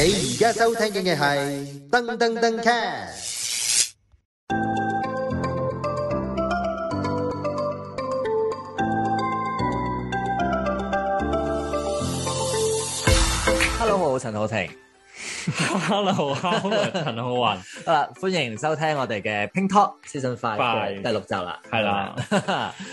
你而家收聽嘅係噔噔噔 cast。Hello，我係陳浩庭。Hello，好啊，陳浩雲，啊， 歡迎收聽我哋嘅《Pintop 私信快》第六集啦，係啦，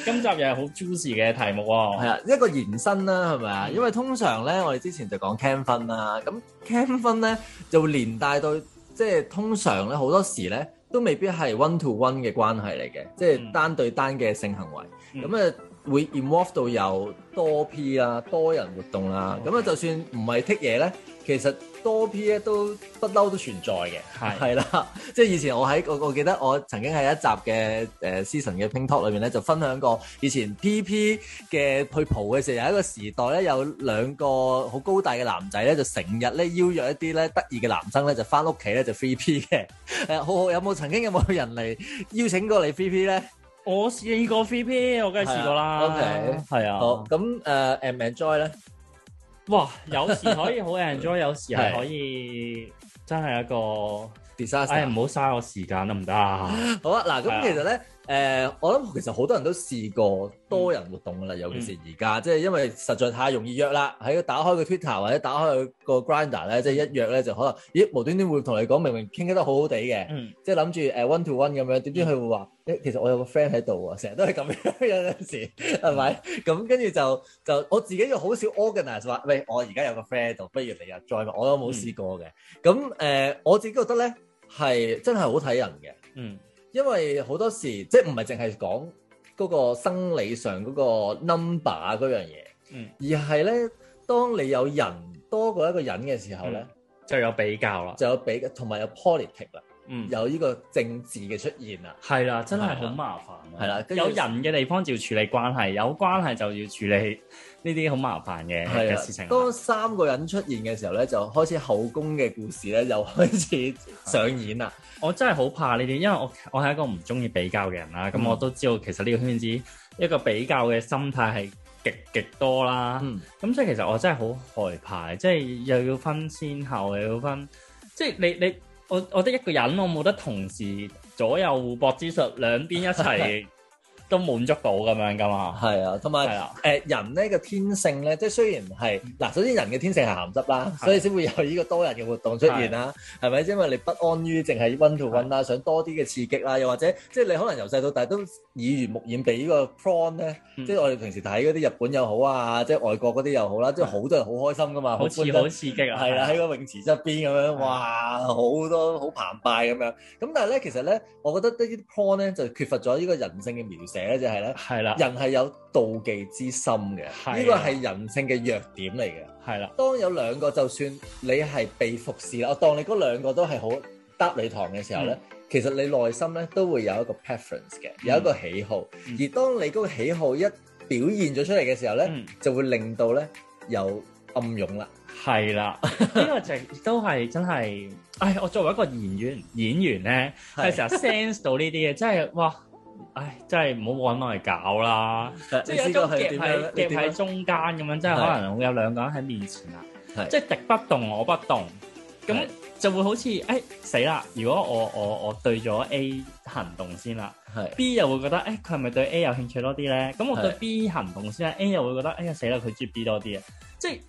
今集又係好 juicy 嘅題目喎，哦，係啊，一個延伸啦，係咪啊？因為通常咧，我哋之前就講 can 分啦，咁 can 分咧就會連帶到，即係通常咧好多時咧都未必係 one to one 嘅關係嚟嘅，即係單對單嘅性行為，咁啊。 會 involve 到有多 P 啊，多人活動啦，咁啊，嗯、就算唔係剔嘢咧，其實多 P 咧、啊、都不嬲都存在嘅，係啦是，即係以前我喺我我記得我曾經喺一集嘅誒、呃、season 嘅 Pink Talk 裏面咧，就分享過以前 PP 嘅去蒲嘅時候，有一個時代咧有兩個好高大嘅男仔咧，就成日咧邀約一啲咧得意嘅男生咧，就翻屋企咧就 three P 嘅，誒 好好，有冇曾經有冇人嚟邀請過你 three P 咧？我試過 free p，我梗係試過啦。O K，係啊。好咁誒，誒 enjoy 咧？哇，有時可以好 enjoy，有時係可以真係一個 disaster。哎，唔好嘥我時間得唔得啊？好啊，嗱，咁其實咧，誒，我諗其實好多人都試過多人活動噶啦，尤其是而家，即係因為實在太容易約啦。喺個打開個 Twitter 或者打開個 Grindr 咧，即係一約咧就可能，咦，無端端會同你講，明明傾得好好哋嘅，嗯，即係諗住誒 one to one 咁樣，點知佢會話。誒，其實我有個 friend 喺度啊，成日都係咁樣，嗯、樣，有陣時係咪？咁跟住就就我自己又好少 organize 話，喂，我而家有個 friend 度，不如你又再，我有冇試過嘅？咁誒、嗯呃，我自己覺得咧係真係好睇人嘅，嗯，因為好多時即係唔係淨係講嗰個生理上嗰個 number 嗰樣嘢，嗯，而係咧當你有人多過一個人嘅時候咧、嗯，就有比較啦，就有比同埋有，有 politics 啦。嗯，有呢個政治嘅出現啊，係啦，真係好麻煩，係啦，有人嘅地方就要處理關係，有關係就要處理呢啲好麻煩嘅事情。當三個人出現嘅時候呢，就開始後宮嘅故事呢又開始上演啦。我真係好怕呢啲，因為我我係一個唔中意比較嘅人啦。咁、嗯、我都知道其實呢個圈子一個比較嘅心態係極極多啦。咁、嗯、所以其實我真係好害怕，即係又要分先後，又要分，即係你你。你你我我得一個人，我冇得同時左右互搏之術，兩邊一齊。 都滿足到咁樣噶嘛？係啊，同埋誒人呢個天性咧，即係雖然係嗱，首先人嘅天性係鹹濕啦，所以先會有呢個多人嘅活動出現啦，係咪？因為你不安於淨係 one to one 啦，想多啲嘅刺激啦，又或者即係你可能由細到大都耳濡目染，對呢個 porn 咧，即係我哋平時睇嗰啲日本又好啊，即係外國嗰啲又好啦，即係好多人好開心噶嘛，好似好刺激啊，係啦，喺個泳池側邊咁樣，哇，好多好澎湃咁樣，咁但係咧，其實咧，我覺得呢啲 porn 咧就缺乏咗呢個人性嘅描寫。就係咧，係啦，人係有妒忌之心嘅，呢個係人性嘅弱點嚟嘅，係啦。當有兩個，就算你係被服侍啦，我當你嗰兩個都係好得你糖嘅時候咧，其實你內心咧都會有一個 preference 嘅，有一個喜好。而當你嗰個喜好一表現咗出嚟嘅時候咧，就會令到咧有暗湧啦。係啦，呢個就係都係真係。唉，我作為一個演員，演員咧係成日 sense 到呢啲嘢，真係哇！唉，真係唔好揾我嚟搞啦！即係有種夾喺夾喺中間咁樣，即係可能會有兩個人喺面前啊，是即係敵不動我不動，咁是就會好似，唉死啦！如果我我我對咗 A 行動先啦是，B 又會覺得，唉佢係咪對 A 有興趣多啲咧？咁我對 B 行動先啦是，A 又會覺得，哎呀死啦佢中意 B 多啲啊！即係是。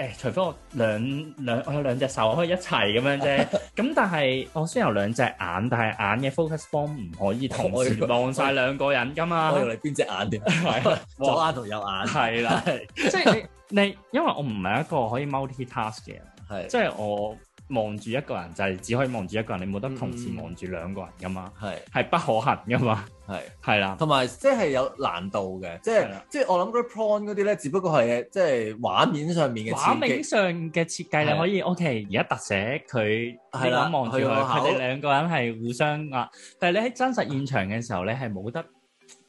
誒、哎，除非我兩兩我有兩隻手可以一齊咁樣啫，咁 但係我先有兩隻眼，但係眼嘅 focus form 唔可以同時望晒兩個人噶嘛？我用嚟邊隻眼啲？ 左眼同右眼係啦， 即係你你，因為我唔係一個可以 multi-task 嘅人，係即係我。望住一個人就係、是、只可以望住一個人，你冇得同時望住兩個人噶嘛，係係是不可行噶嘛，係係啦，同埋即係有難度嘅，就是、的即係即係我諗嗰啲 porn 嗰啲咧，只不過係即係畫面上面嘅，畫面上嘅設計你可以的 OK，而家特寫佢，係啦，望住佢，佢哋兩個人係互相壓，的但係你喺真實現場嘅時候，的你係冇得。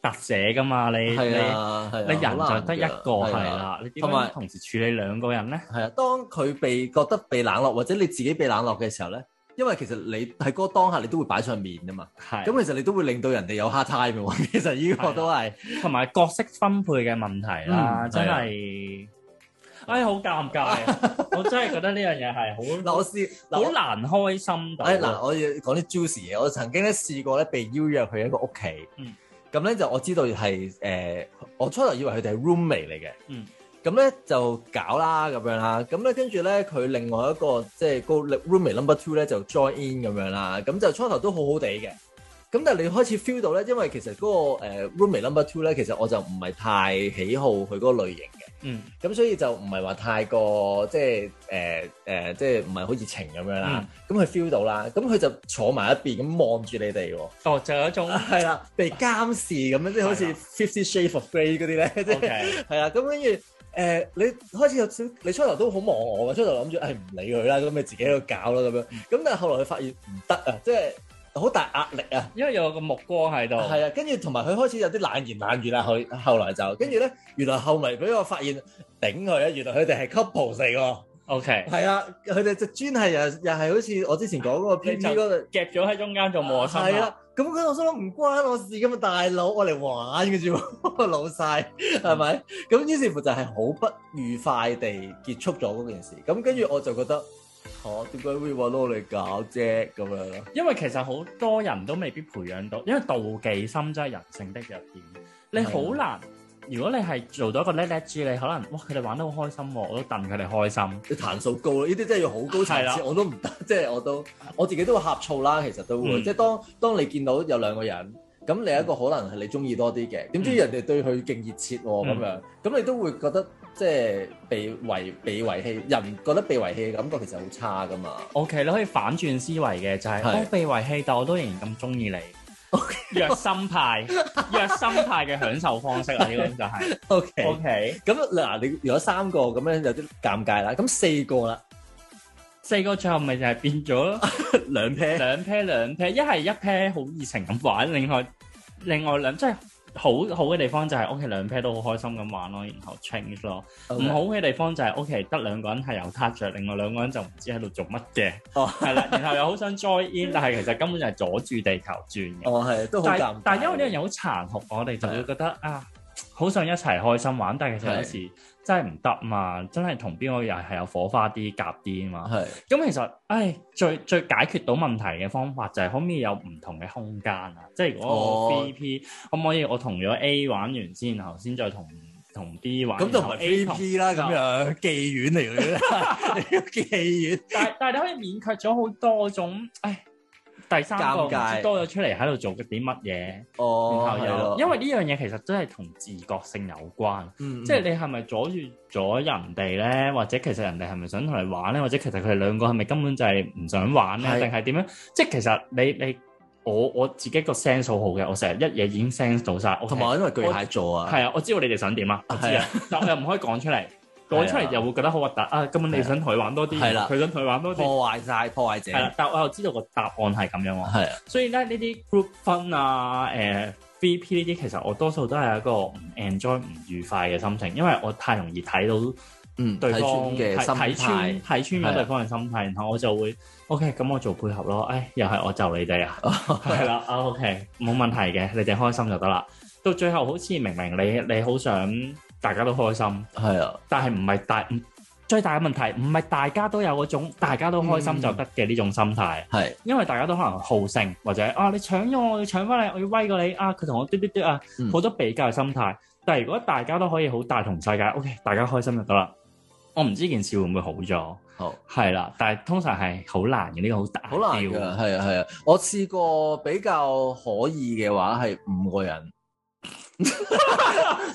特寫噶嘛？你你你人就得一個，係啦，你點同時處理兩個人咧？係啊，當佢被覺得被冷落，或者你自己被冷落嘅時候咧，因為其實你喺嗰個當下你都會擺上面啊嘛。係，咁其實你都會令到人哋有 hard time 嘅。其實呢個都係同埋角色分配嘅問題啦，真係，哎，好尷尬啊！我真係覺得呢樣嘢係好，老師好難開心。嗱，我要講啲 juicy 嘢，我曾經咧試過咧被邀約去一個屋企，嗯。咁咧就我知道係誒、呃，我初頭以為佢哋係 roommate 嚟嘅。嗯，咁咧就搞啦咁樣啦，咁咧跟住咧佢另外一個即係、就、個、是、roommate number two 咧就 join in 咁樣啦，咁就初頭都好好地嘅。咁但係你開始 feel 到咧，因為其實嗰個 roommate number two 咧，其實我就唔係太喜好佢嗰個類型。嗯，咁所以就唔係話太過，即係誒誒，即係唔係好熱情咁樣啦。咁佢 feel 到啦，咁佢就坐埋一邊咁望住你哋喎。哦，就有一種係啦，被、啊、監視咁樣，即係好似、 啊《Fifty Shades of Grey》嗰啲咧，即係係啊。咁跟住誒，你開始有少，你初頭都好望我，初頭諗住係唔理佢啦，咁咪自己喺度搞咯咁樣。咁但係後來佢發現唔得啊，即係。好大壓力啊！因為有個目光喺度，係啊，跟住同埋佢開始有啲冷言冷語啦。佢後，後來就跟住咧，原來後咪俾我發現頂佢啦。原來佢哋係 couple 嚟個，OK，係啊，佢哋就專係又又係好似我之前講嗰個編輯嗰度夾咗喺中間，做磨、啊啊啊、我係啦，咁佢我想諗唔關我事噶嘛，大佬，我嚟玩嘅啫喎，老細係咪？咁於是乎 光、嗯、就係好不愉快地結束咗嗰件事。咁跟住我就覺得。吓，點解、啊、會玩到你搞啫？咁樣，因為其實好多人都未必培養到，因為妒忌心真係人性的弱點。你好難，的如果你係做到一個叻叻豬，你可能，哇，佢哋玩得好開心，我都戥佢哋開心。你彈數高咯，呢啲真係要好高層次啦，的我都唔得，即、就、係、是、我都，我自己都會呷醋啦。其實都會，嗯、即係當當你見到有兩個人，咁你一個可能係你中意多啲嘅，點知人哋對佢勁熱切咁、嗯、樣，咁你都會覺得。即係被遺被遺棄，人覺得被遺棄嘅感覺其實好差噶嘛。OK，你可以反轉思維嘅，就係我被遺棄，但係我都仍然咁中意你。弱心派，弱心派嘅享受方式啊，呢個就係。OK，咁嗱，你如果三個咁樣有啲尷尬啦，咁四個啦，四個最後咪就係變咗咯，兩 pair，兩 pair，兩 pair，一係一 pair 好熱情咁玩，另外另外兩即係。好好嘅地方就係屋企兩 pair 都好開心咁玩咯，然後 change 咯。唔 Okay. 好嘅地方就係屋企得兩個人係有 touch，另外兩個人就唔知喺度做乜嘅。哦，係啦，然後又好想 join in， 但係其實根本就係阻住地球轉嘅。哦、oh, yeah，係，都好但係因為呢樣嘢好殘酷，我哋就會覺得 Yeah. 啊，好想一齊開心玩，但係其實有時 Yeah.。真係唔得嘛！真係同邊個又係有火花啲、夾啲啊嘛！係咁是、嗯、其實，唉，最最解決到問題嘅方法就係可唔可以有唔同嘅空間啊？即係我 B P、哦、可唔可以我同咗 A 玩完先，然後，先再同同 B 玩完？咁就 A P 啦，咁是樣妓院嚟嘅，你要妓院。 但係但係你可以免卻咗好多種唉。第三個尬多咗出嚟喺度做啲乜嘢，哦，然後又，的因為呢樣嘢其實都係同自覺性有關，嗯嗯即係你係咪阻住咗人哋咧？或者其實人哋係咪想同你玩咧？或者其實佢哋兩個係咪根本就係唔想玩咧？定係點樣？即係其實你你我我自己個聲數好嘅，我成日一嘢已經聲到晒我同埋因為巨蟹座啊，係啊，我知道你哋想點啊，我知啊， 但我又唔可以講出嚟。講出嚟又會覺得好核突啊！根本你想同佢玩多啲，佢的想同佢玩多啲，破壞晒破壞者。係啦，但我又知道個答案係咁樣喎。係的啊。所以咧呢啲 group 分啊、誒 VP 呢啲，其實我多數都係一個唔 enjoy、唔愉快嘅心情，因為我太容易睇到嗯對方嘅、嗯、心態，睇穿咗對方嘅心態，的然後我就會，OK，咁我做配合咯。誒、哎，又係我就你哋啊，係啦 ，OK，冇問題嘅，你哋開心就得啦。到最後好似明，明明你你，你好想。大家都開心，係啊，但係唔係大，最大嘅問題唔係大家都有嗰種大家都開心就得嘅呢種心態，係、嗯嗯嗯、因為大家都可能好勝或者啊，你搶咗我，我要搶翻嚟，我要威過你啊，佢同我嘟嘟嘟啊，好、嗯、多比較心態。但係如果大家都可以好大同世界，O、OK, K，大家開心就得啦。我唔知件事會唔會好咗，好係啦、啊。但係通常係好難嘅呢、呢個好大好難嘅，係啊係啊，啊，啊，啊。我試過比較可以嘅話係五個人。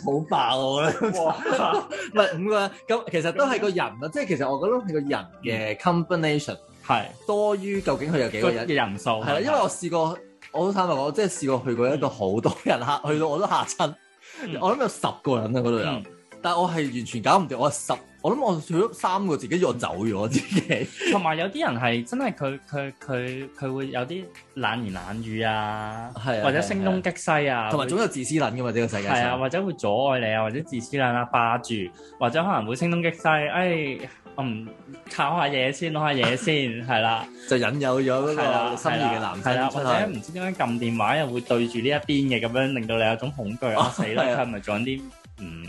好爆啊！我覺得，唔係咁啊，咁其實都係個人啊，嗯、即係其實我覺得係個人嘅 combination 係是多於究竟佢有幾個人嘅人數係啦，的因為我試過、嗯、我都坦白講，即係試過去過一個好多人客，嗯、去到我都嚇親，嗯、我諗有十個人啊嗰度有，嗯、但我係完全搞唔掂，我係十。我諗我少咗三個自己，再走咗自己。同埋有啲人係真係佢佢佢佢會有啲冷言冷語啊，或者聲東擊西啊。同埋總有自私諗㗎嘛，呢個世界。係啊，或者會阻礙你啊，或者自私諗啦霸住，或者可能會聲東擊西。誒，我唔靠下嘢先攞下嘢先，係啦，就引誘咗嗰個心儀嘅男士出嚟。或者唔知點解撳電話又會對住呢一邊嘅咁樣，令到你有種恐懼。啊死啦！佢係咪講啲嗯？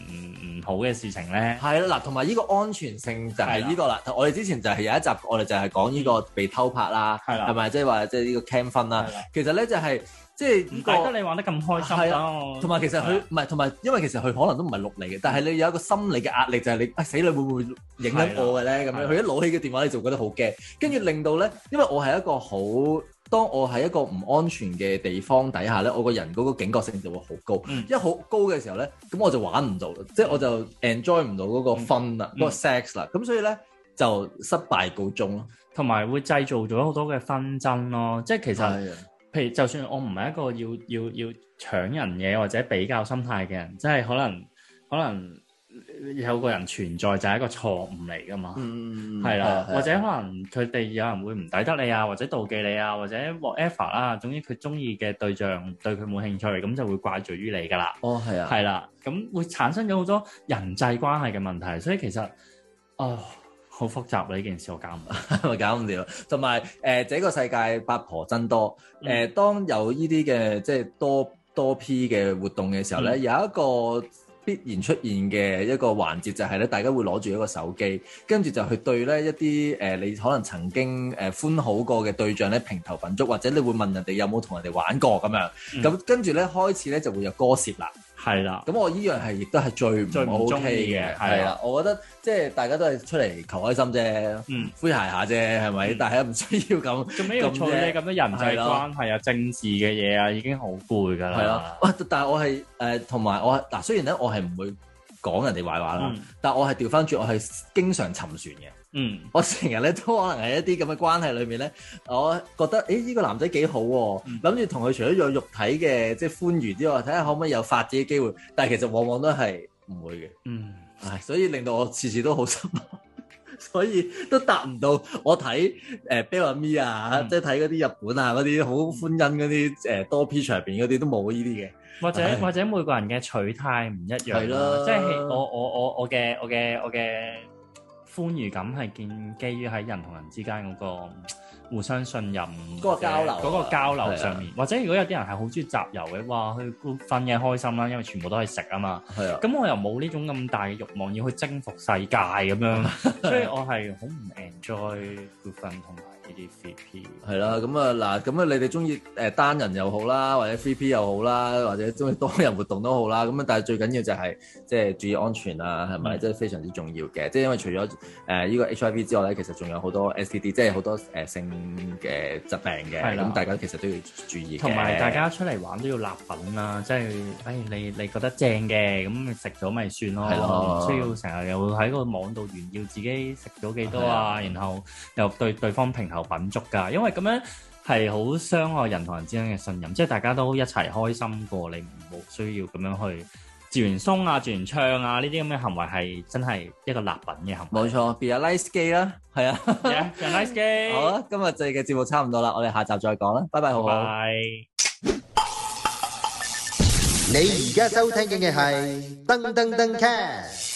好嘅事情咧，係啦，嗱，同埋呢個安全性就係呢、呢個啦。的我哋之前就係有一集，我哋就係講呢個被偷拍啦，係啦的，係咪？即係話，即係呢個 camfun 啦。其實咧、就係，就係即係唔怪得你玩得咁開心咯。同埋的我其實佢唔係，同埋的因為其實佢可能都唔係錄嚟嘅，但係你有一個心理嘅壓力就，就、哎、係你啊死女會唔會影緊我嘅咧？咁的樣佢的一攞起個電話，你就會覺得好驚，跟住令到咧，因為我係一個好。當我喺一個唔安全嘅地方底下咧，我個人嗰個警覺性就會好高，一好、嗯、高嘅時候咧，咁我就玩唔到，嗯、即係我就 enjoy 唔到嗰個 fun 啦，嗰、嗯、個 sex 啦，咁所以咧就失敗告終咯，同埋會製造咗好多嘅紛爭咯，即係其實的譬如就算我唔係一個要要要搶人嘢或者比較心態嘅人，即係可能可能。可能有個人存在就係一個錯誤嚟噶嘛，係啦，或者可能佢哋有人會唔抵得你啊，或者妒忌你啊，或者 whatever 啦，總之佢中意嘅對象對佢冇興趣，咁就會怪罪於你噶啦。哦，係啊，係啦、啊，咁會產生咗好多人際關係嘅問題，所以其實哦好複雜啦呢件事，我搞唔 搞唔掂。同埋誒，這個世界八婆真多，誒、嗯，當有呢啲嘅即係多多 P 嘅活動嘅時候咧，嗯、有一個。必然出現嘅一個環節就係咧，大家會攞住一個手機，跟住就去對咧一啲誒、呃，你可能曾經誒歡、呃、好過嘅對象咧，平頭品足，或者你會問人哋有冇同人哋玩過咁樣，咁、嗯、跟住咧開始咧就會有割席啦。係啦，咁我依樣係亦都係最唔中意嘅，係啦，我覺得即係大家都係出嚟求開心啫，歡喜下啫，係咪？但係唔需要咁，做咩要你咁多人際關係啊、政治嘅嘢啊，已經好攰㗎啦。係啊，但係我係誒同埋我係嗱，雖然咧我係唔會講人哋壞話啦，但我係調翻轉，我係經常沉船嘅。嗯，我成日咧都可能喺一啲咁嘅關係裏面咧，我覺得誒呢個男仔幾好，諗住同佢除咗有肉體嘅即係歡愉之外，睇下可唔可以有發展嘅機會。但係其實往往都係唔會嘅。嗯，唉，所以令到我次次都好失望，所以都達唔到。我睇誒 Bell and Me 啊，即係睇嗰啲日本啊嗰啲好歡欣嗰啲誒多 P 場邊嗰啲都冇呢啲嘅。或者或者每個人嘅取態唔一樣，係啦，即係我我我我嘅我嘅我嘅。歡愉感係建基於喺人同人之間嗰個互相信任，嗰個交流，嗰個交流上面。啊、或者如果有啲人係好中意集遊嘅話，去 Good Fun 嘅開心啦，因為全部都係食啊嘛。係啊。咁、啊、我又冇呢種咁大嘅欲望要去征服世界咁樣， 所以我係好唔 enjoy Good Fun 同埋。呢啲 VP 係啦，咁啊嗱，咁啊你哋中意誒單人又好啦，或者 VP 又好啦，或者中意多人活動都好啦。咁啊，但係最緊要就係即係注意安全啊，係咪、嗯？即係非常之重要嘅。即係因為除咗誒呢個 HIV 之外咧，其實仲有好多 STD，即係好多誒、呃、性嘅疾病嘅。係咁的大家其實都要注意，同埋大家出嚟玩都要立品啦、啊，即係誒、哎、你你覺得正嘅咁食咗咪算咯，係咯的。需要成日又喺個網度炫耀自己食咗幾多啊，的然後又對對方平衡。留品足噶，因為咁樣係好傷害人同人之間嘅信任，即係大家都一齊開心過，你唔冇需要咁樣去，傳送啊，傳唱啊，呢啲咁嘅行為係真係一個劣品嘅行為。冇錯，be a nice guy 啦，係啊，be a nice guy。好啦，今日我哋嘅節目差唔多啦，我哋下集再講啦，拜拜，好好。你而家收聽嘅係噔噔噔 cast。